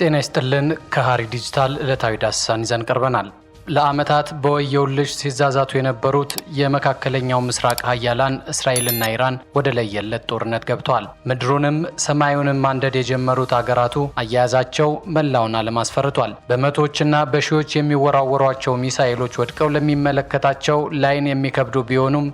ጤና ይስጥልን። ከሓሪ ዲጂታል ዕለታዊ ዳሰሳን ይዘን ቀርበናል። ለዓመታት በወየውልሽ ሲዛዛቱ የነበሩት የመካከለኛው ምስራቅ ሀያላን እስራኤልና ኢራን ወደ ለየለት ጦርነት ገብተዋል። ምድሩንም ሰማዩንም ማንደድ የጀመሩት አገራቱ አያያዛቸው መላውን ዓለም አስፈርቷል። በመቶዎችና በሺዎች የሚወራወሯቸው ሚሳኤሎች ወድቀው ለሚመለከታቸው ላይን የሚከብዱ ቢሆኑም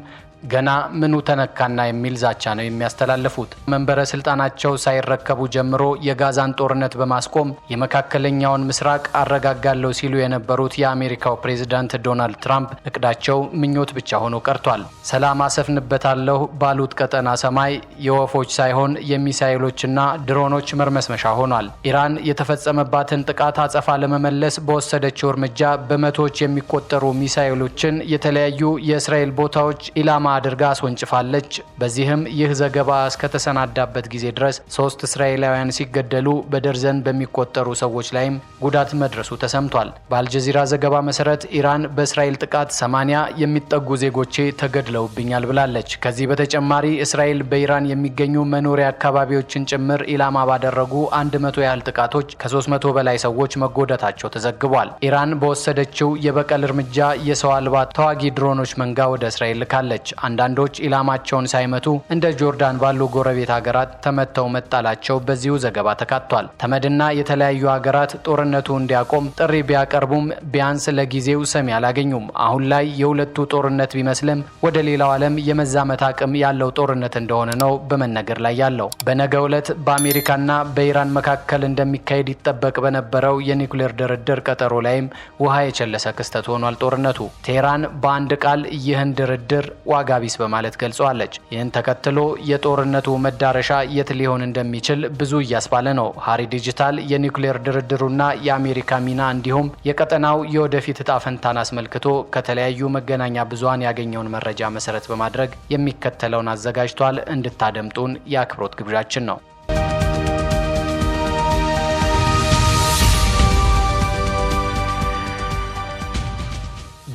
ገና ምኑ ተነካና የሚል ዛቻ ነው የሚያስተላልፉት። መንበረ ስልጣናቸው ሳይረከቡ ጀምሮ የጋዛን ጦርነት በማስቆም የመካከለኛውን ምስራቅ አረጋጋለሁ ሲሉ የነበሩት የአሜሪካው ፕሬዝዳንት ዶናልድ ትራምፕ እቅዳቸው ምኞት ብቻ ሆኖ ቀርቷል። ሰላም አሰፍንበታለሁ ባሉት ቀጠና ሰማይ የወፎች ሳይሆን የሚሳይሎችና ድሮኖች መርመስመሻ ሆኗል። ኢራን የተፈጸመባትን ጥቃት አጸፋ ለመመለስ በወሰደችው እርምጃ በመቶዎች የሚቆጠሩ ሚሳይሎችን የተለያዩ የእስራኤል ቦታዎች ኢላማ አድርጋ አስወንጭፋለች። በዚህም ይህ ዘገባ እስከተሰናዳበት ጊዜ ድረስ ሶስት እስራኤላውያን ሲገደሉ በደርዘን በሚቆጠሩ ሰዎች ላይም ጉዳት መድረሱ ተሰምቷል። በአልጀዚራ ዘገባ መሰረት ኢራን በእስራኤል ጥቃት ሰማንያ የሚጠጉ ዜጎቼ ተገድለውብኛል ብላለች። ከዚህ በተጨማሪ እስራኤል በኢራን የሚገኙ መኖሪያ አካባቢዎችን ጭምር ኢላማ ባደረጉ 100 ያህል ጥቃቶች ከ300 በላይ ሰዎች መጎዳታቸው ተዘግቧል። ኢራን በወሰደችው የበቀል እርምጃ የሰው አልባ ተዋጊ ድሮኖች መንጋ ወደ እስራኤል ልካለች። አንዳንዶች ኢላማቸውን ሳይመቱ እንደ ጆርዳን ባሉ ጎረቤት ሀገራት ተመተው መጣላቸው በዚሁ ዘገባ ተካቷል። ተመድና የተለያዩ ሀገራት ጦርነቱ እንዲያቆም ጥሪ ቢያቀርቡም ቢያንስ ለጊዜው ሰሚ አላገኙም። አሁን ላይ የሁለቱ ጦርነት ቢመስልም ወደ ሌላው ዓለም የመዛመት አቅም ያለው ጦርነት እንደሆነ ነው በመነገር ላይ ያለው። በነገው ዕለት በአሜሪካና በኢራን መካከል እንደሚካሄድ ይጠበቅ በነበረው የኒውክሌር ድርድር ቀጠሮ ላይም ውሃ የቸለሰ ክስተት ሆኗል። ጦርነቱ ቴህራን በአንድ ቃል ይህን ድርድር ዋጋ አጋቢስ በማለት ገልጸዋለች። ይህን ተከትሎ የጦርነቱ መዳረሻ የት ሊሆን እንደሚችል ብዙ እያስባለ ነው። ሀሪ ዲጂታል የኒውክሌር ድርድሩና የአሜሪካ ሚና እንዲሁም የቀጠናው የወደፊት እጣ ፈንታን አስመልክቶ ከተለያዩ መገናኛ ብዙሃን ያገኘውን መረጃ መሰረት በማድረግ የሚከተለውን አዘጋጅቷል። እንድታደምጡን የአክብሮት ግብዣችን ነው።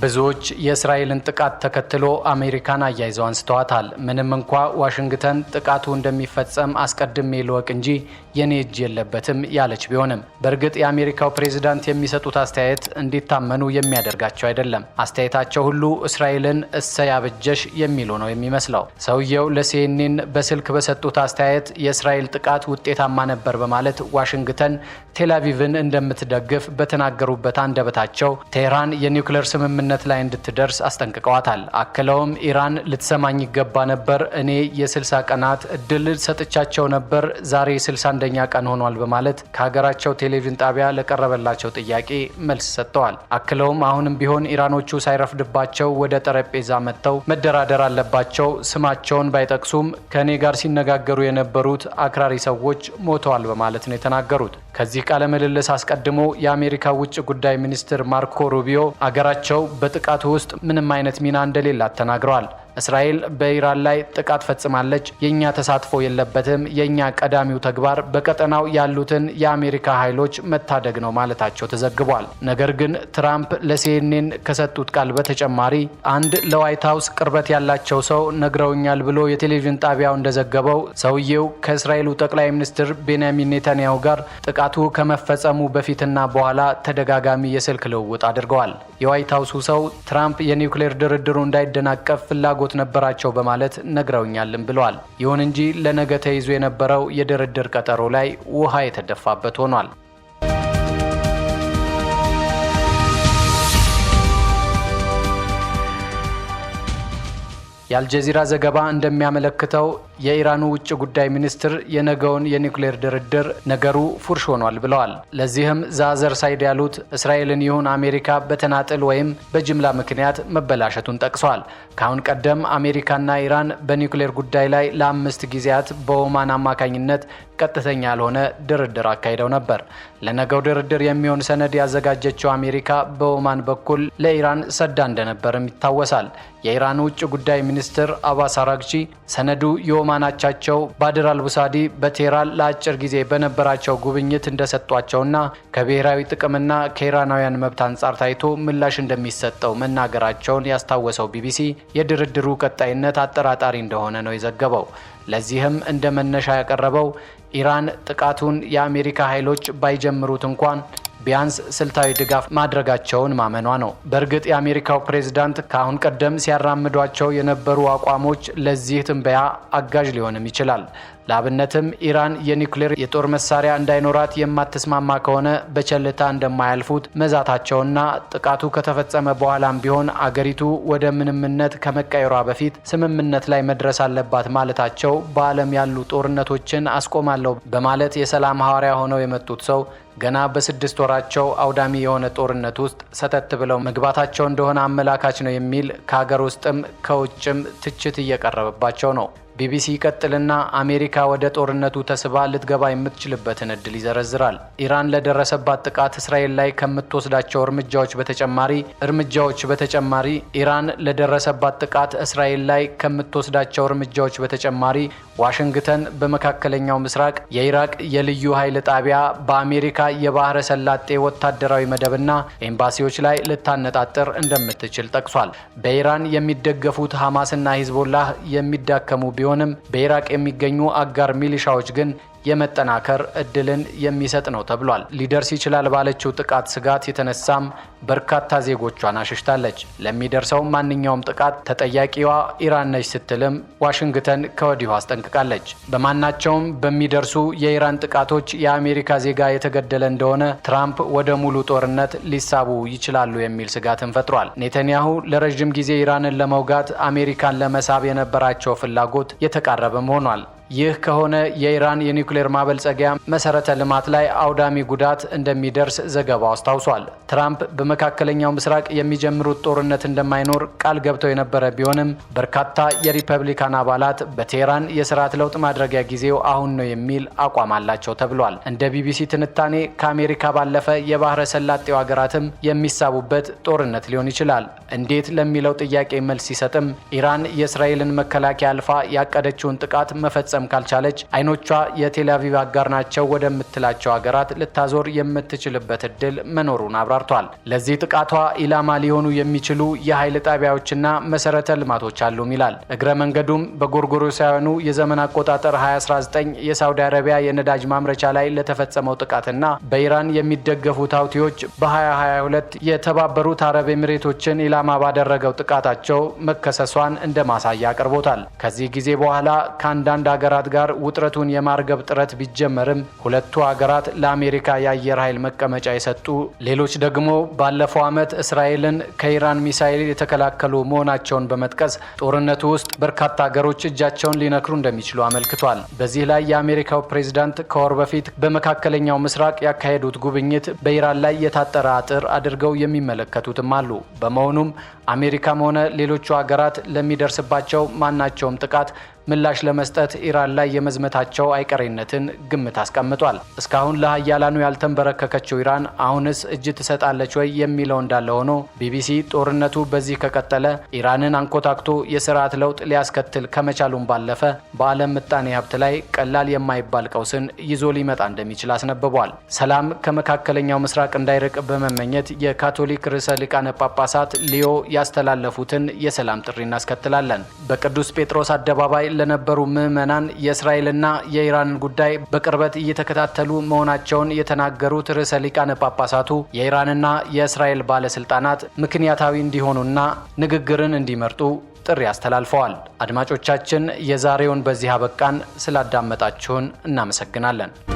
ብዙዎች የእስራኤልን ጥቃት ተከትሎ አሜሪካን አያይዘው አንስተዋታል። ምንም እንኳ ዋሽንግተን ጥቃቱ እንደሚፈጸም አስቀድሜ ልወቅ እንጂ የኔ እጅ የለበትም ያለች ቢሆንም በእርግጥ የአሜሪካው ፕሬዝዳንት የሚሰጡት አስተያየት እንዲታመኑ የሚያደርጋቸው አይደለም። አስተያየታቸው ሁሉ እስራኤልን እሰይ አበጀሽ የሚሉ ነው የሚመስለው። ሰውየው ለሲኤንኤን በስልክ በሰጡት አስተያየት የእስራኤል ጥቃት ውጤታማ ነበር በማለት ዋሽንግተን ቴላቪቭን እንደምትደግፍ በተናገሩበት አንደበታቸው ቴህራን የኒውክሌር ስምምነት ላይ እንድትደርስ አስጠንቅቀዋታል። አክለውም ኢራን ልትሰማኝ ይገባ ነበር፣ እኔ የ60 ቀናት እድል ሰጥቻቸው ነበር፣ ዛሬ 61 አንደኛ ቀን ሆኗል በማለት ከሀገራቸው ቴሌቪዥን ጣቢያ ለቀረበላቸው ጥያቄ መልስ ሰጥተዋል። አክለውም አሁንም ቢሆን ኢራኖቹ ሳይረፍድባቸው ወደ ጠረጴዛ መጥተው መደራደር አለባቸው። ስማቸውን ባይጠቅሱም ከእኔ ጋር ሲነጋገሩ የነበሩት አክራሪ ሰዎች ሞተዋል በማለት ነው የተናገሩት። ከዚህ ቃለ ምልልስ አስቀድሞ የአሜሪካ ውጭ ጉዳይ ሚኒስትር ማርኮ ሩቢዮ አገራቸው በጥቃቱ ውስጥ ምንም አይነት ሚና እንደሌላት ተናግረዋል። እስራኤል በኢራን ላይ ጥቃት ፈጽማለች፣ የእኛ ተሳትፎ የለበትም፣ የእኛ ቀዳሚው ተግባር በቀጠናው ያሉትን የአሜሪካ ኃይሎች መታደግ ነው ማለታቸው ተዘግቧል። ነገር ግን ትራምፕ ለሲኤንኤን ከሰጡት ቃል በተጨማሪ አንድ ለዋይት ሀውስ ቅርበት ያላቸው ሰው ነግረውኛል ብሎ የቴሌቪዥን ጣቢያው እንደዘገበው ሰውየው ከእስራኤሉ ጠቅላይ ሚኒስትር ቤንያሚን ኔታንያሁ ጋር ጥቃት ጥቃቱ ከመፈጸሙ በፊትና በኋላ ተደጋጋሚ የስልክ ልውውጥ አድርገዋል። የዋይት ሀውሱ ሰው ትራምፕ የኒውክሌር ድርድሩ እንዳይደናቀፍ ፍላጎት ነበራቸው በማለት ነግረውኛልም ብለዋል። ይሁን እንጂ ለነገ ተይዞ የነበረው የድርድር ቀጠሮ ላይ ውሃ የተደፋበት ሆኗል። የአልጀዚራ ዘገባ እንደሚያመለክተው የኢራኑ ውጭ ጉዳይ ሚኒስትር የነገውን የኒውክሌር ድርድር ነገሩ ፉርሽ ሆኗል ብለዋል። ለዚህም ዛዘር ሳይድ ያሉት እስራኤልን ይሁን አሜሪካ በተናጥል ወይም በጅምላ ምክንያት መበላሸቱን ጠቅሰዋል። ከአሁን ቀደም አሜሪካና ኢራን በኒውክሌር ጉዳይ ላይ ለአምስት ጊዜያት በኦማን አማካኝነት ቀጥተኛ ያልሆነ ድርድር አካሂደው ነበር። ለነገው ድርድር የሚሆን ሰነድ ያዘጋጀችው አሜሪካ በኦማን በኩል ለኢራን ሰዳ እንደነበርም ይታወሳል። የኢራን ውጭ ጉዳይ ሚኒስትር አባስ አራግቺ ሰነዱ የኦማናቻቸው ባድር አልቡሳዲ በቴህራን ለአጭር ጊዜ በነበራቸው ጉብኝት እንደሰጧቸውና ከብሔራዊ ጥቅምና ከኢራናውያን መብት አንጻር ታይቶ ምላሽ እንደሚሰጠው መናገራቸውን ያስታወሰው ቢቢሲ የድርድሩ ቀጣይነት አጠራጣሪ እንደሆነ ነው የዘገበው። ለዚህም እንደ መነሻ ያቀረበው ኢራን ጥቃቱን የአሜሪካ ኃይሎች ባይጀምሩት እንኳን ቢያንስ ስልታዊ ድጋፍ ማድረጋቸውን ማመኗ ነው። በእርግጥ የአሜሪካው ፕሬዝዳንት ከአሁን ቀደም ሲያራምዷቸው የነበሩ አቋሞች ለዚህ ትንበያ አጋዥ ሊሆንም ይችላል። ለአብነትም ኢራን የኒውክሌር የጦር መሳሪያ እንዳይኖራት የማትስማማ ከሆነ በቸልታ እንደማያልፉት መዛታቸውና ጥቃቱ ከተፈጸመ በኋላም ቢሆን አገሪቱ ወደ ምንምነት ከመቀየሯ በፊት ስምምነት ላይ መድረስ አለባት ማለታቸው በዓለም ያሉ ጦርነቶችን አስቆማለሁ በማለት የሰላም ሐዋርያ ሆነው የመጡት ሰው ገና በስድስት ወራቸው አውዳሚ የሆነ ጦርነት ውስጥ ሰተት ብለው መግባታቸው እንደሆነ አመላካች ነው የሚል ከሀገር ውስጥም ከውጭም ትችት እየቀረበባቸው ነው። ቢቢሲ ይቀጥልና አሜሪካ ወደ ጦርነቱ ተስባ ልትገባ የምትችልበትን እድል ይዘረዝራል። ኢራን ለደረሰባት ጥቃት እስራኤል ላይ ከምትወስዳቸው እርምጃዎች በተጨማሪ እርምጃዎች በተጨማሪ ኢራን ለደረሰባት ጥቃት እስራኤል ላይ ከምትወስዳቸው እርምጃዎች በተጨማሪ ዋሽንግተን በመካከለኛው ምስራቅ የኢራቅ የልዩ ኃይል ጣቢያ በአሜሪካ የባህረ ሰላጤ ወታደራዊ መደብና ኤምባሲዎች ላይ ልታነጣጥር እንደምትችል ጠቅሷል። በኢራን የሚደገፉት ሐማስና ሂዝቦላህ የሚዳከሙ ቢሆንም በኢራቅ የሚገኙ አጋር ሚሊሻዎች ግን የመጠናከር እድልን የሚሰጥ ነው ተብሏል። ሊደርስ ይችላል ባለችው ጥቃት ስጋት የተነሳም በርካታ ዜጎቿን አሸሽታለች። ለሚደርሰው ማንኛውም ጥቃት ተጠያቂዋ ኢራን ነች ስትልም ዋሽንግተን ከወዲሁ አስጠንቅቃለች። በማናቸውም በሚደርሱ የኢራን ጥቃቶች የአሜሪካ ዜጋ የተገደለ እንደሆነ ትራምፕ ወደ ሙሉ ጦርነት ሊሳቡ ይችላሉ የሚል ስጋትን ፈጥሯል። ኔተንያሁ ለረዥም ጊዜ ኢራንን ለመውጋት አሜሪካን ለመሳብ የነበራቸው ፍላጎት የተቃረበም ሆኗል። ይህ ከሆነ የኢራን የኒውክሌር ማበልጸጊያ መሰረተ ልማት ላይ አውዳሚ ጉዳት እንደሚደርስ ዘገባው አስታውሷል። ትራምፕ በመካከለኛው ምስራቅ የሚጀምሩት ጦርነት እንደማይኖር ቃል ገብተው የነበረ ቢሆንም በርካታ የሪፐብሊካን አባላት በቴህራን የስርዓት ለውጥ ማድረጊያ ጊዜው አሁን ነው የሚል አቋም አላቸው ተብሏል። እንደ ቢቢሲ ትንታኔ ከአሜሪካ ባለፈ የባህረ ሰላጤው ሀገራትም የሚሳቡበት ጦርነት ሊሆን ይችላል። እንዴት ለሚለው ጥያቄ መልስ ሲሰጥም ኢራን የእስራኤልን መከላከያ አልፋ ያቀደችውን ጥቃት መፈጸም መጠቀም ካልቻለች አይኖቿ የቴልአቪቭ አጋር ናቸው ወደምትላቸው ሀገራት ልታዞር የምትችልበት እድል መኖሩን አብራርቷል። ለዚህ ጥቃቷ ኢላማ ሊሆኑ የሚችሉ የኃይል ጣቢያዎችና መሰረተ ልማቶች አሉም ይላል። እግረ መንገዱም በጎርጎሮሳውያኑ የዘመን አቆጣጠር 2019 የሳውዲ አረቢያ የነዳጅ ማምረቻ ላይ ለተፈጸመው ጥቃትና በኢራን የሚደገፉ ታውቲዎች በ2022 የተባበሩት አረብ ኤምሬቶችን ኢላማ ባደረገው ጥቃታቸው መከሰሷን እንደ ማሳያ አቅርቦታል። ከዚህ ጊዜ በኋላ ከአንዳንድ ሀገራት ሀገራት ጋር ውጥረቱን የማርገብ ጥረት ቢጀመርም ሁለቱ ሀገራት ለአሜሪካ የአየር ኃይል መቀመጫ የሰጡ ሌሎች ደግሞ ባለፈው ዓመት እስራኤልን ከኢራን ሚሳይል የተከላከሉ መሆናቸውን በመጥቀስ ጦርነቱ ውስጥ በርካታ ሀገሮች እጃቸውን ሊነክሩ እንደሚችሉ አመልክቷል። በዚህ ላይ የአሜሪካው ፕሬዝዳንት ከወር በፊት በመካከለኛው ምስራቅ ያካሄዱት ጉብኝት በኢራን ላይ የታጠረ አጥር አድርገው የሚመለከቱትም አሉ። በመሆኑም አሜሪካም ሆነ ሌሎቹ ሀገራት ለሚደርስባቸው ማናቸውም ጥቃት ምላሽ ለመስጠት ኢራን ላይ የመዝመታቸው አይቀሬነትን ግምት አስቀምጧል። እስካሁን ለሀያላኑ ያልተንበረከከችው ኢራን አሁንስ እጅ ትሰጣለች ወይ የሚለው እንዳለ ሆኖ ቢቢሲ ጦርነቱ በዚህ ከቀጠለ ኢራንን አንኮታክቶ የስርዓት ለውጥ ሊያስከትል ከመቻሉም ባለፈ በዓለም ምጣኔ ሀብት ላይ ቀላል የማይባል ቀውስን ይዞ ሊመጣ እንደሚችል አስነብቧል። ሰላም ከመካከለኛው ምስራቅ እንዳይርቅ በመመኘት የካቶሊክ ርዕሰ ሊቃነ ጳጳሳት ሊዮ ያስተላለፉትን የሰላም ጥሪ እናስከትላለን። በቅዱስ ጴጥሮስ አደባባይ ለነበሩ ምዕመናን የእስራኤልና የኢራንን ጉዳይ በቅርበት እየተከታተሉ መሆናቸውን የተናገሩት ርዕሰ ሊቃነ ጳጳሳቱ የኢራንና የእስራኤል ባለስልጣናት ምክንያታዊ እንዲሆኑና ንግግርን እንዲመርጡ ጥሪ አስተላልፈዋል። አድማጮቻችን፣ የዛሬውን በዚህ አበቃን። ስላዳመጣችሁን እናመሰግናለን።